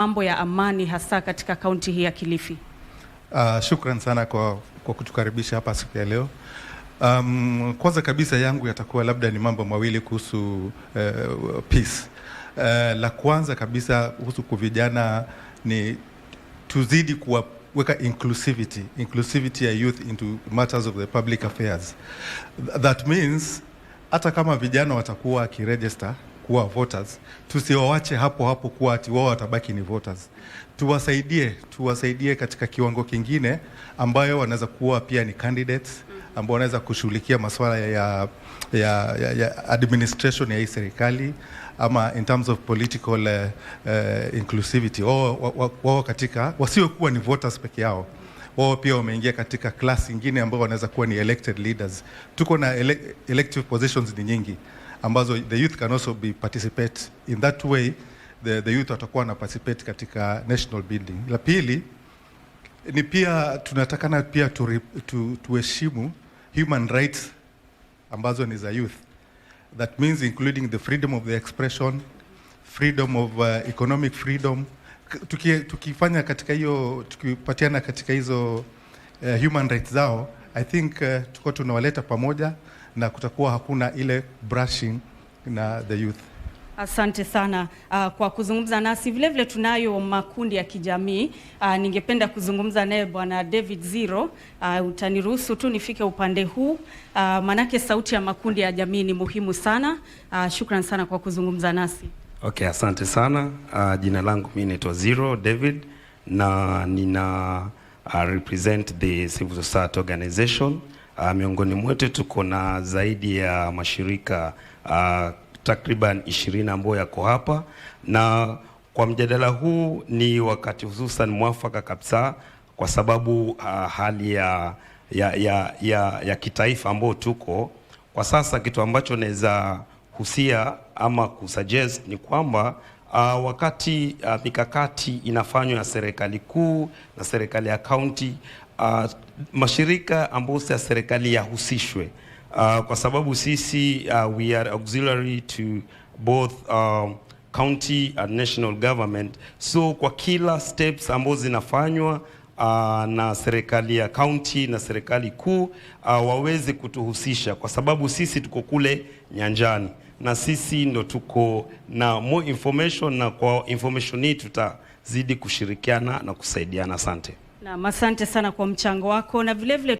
mambo ya amani hasa katika kaunti hii ya Kilifi? Uh, shukran sana kwa, kwa kutukaribisha hapa siku ya leo. Um, kwanza kabisa yangu yatakuwa labda ni mambo mawili kuhusu uh, peace. Uh, la kwanza kabisa kuhusu kuvijana ni tuzidi weka inclusivity, inclusivity ya youth into matters of the public affairs. That means hata kama vijana watakuwa wakiregister kuwa voters, tusiwawache hapo hapo kuwa ati wao watabaki ni voters. Tuwasaidie, tuwasaidie katika kiwango kingine ambayo wanaweza kuwa pia ni candidates ambao wanaweza kushughulikia masuala ya, ya, ya, ya administration ya hii serikali ama in terms of political uh, uh, inclusivity wao wa, wa katika wasiokuwa ni voters peke yao wao pia wameingia katika class nyingine ambao wanaweza kuwa ni elected leaders. Tuko na ele elective positions ni nyingi ambazo the youth can also be participate in that way the, the youth watakuwa na participate katika national building. La pili ni pia tunatakana pia tu, tu, human rights ambazo ni za youth. That means including the freedom of the expression, freedom of uh, economic freedom. Tuki, tukifanya katika hiyo tukipatiana katika hizo uh, human rights zao I think uh, tuko tunawaleta pamoja na kutakuwa hakuna ile brushing na the youth. Asante sana uh, kwa kuzungumza nasi. Vile vile tunayo makundi ya kijamii uh, ningependa kuzungumza naye Bwana David Zero uh, utaniruhusu tu nifike upande huu uh, manake sauti ya makundi ya jamii ni muhimu sana uh, shukran sana kwa kuzungumza nasi. Okay, asante sana uh, jina langu mimi naitwa Zero David na nina uh, represent the civil society organization Uh, miongoni mwetu tuko na zaidi ya mashirika uh, takriban ishirini ambayo yako hapa, na kwa mjadala huu ni wakati hususan mwafaka kabisa kwa sababu uh, hali ya, ya, ya, ya, ya kitaifa ambayo tuko kwa sasa, kitu ambacho naweza husia ama kusuggest ni kwamba Uh, wakati uh, mikakati inafanywa na serikali kuu na serikali ya kaunti uh, mashirika ambayo si ya serikali yahusishwe, uh, kwa sababu sisi uh, we are auxiliary to both uh, county and national government, so kwa kila steps ambazo zinafanywa Uh, na serikali ya kaunti na serikali kuu uh, waweze kutuhusisha kwa sababu sisi tuko kule nyanjani na sisi ndo tuko na more information, na kwa information hii tutazidi kushirikiana na kusaidiana. Asante na asante sana kwa mchango wako na vilevile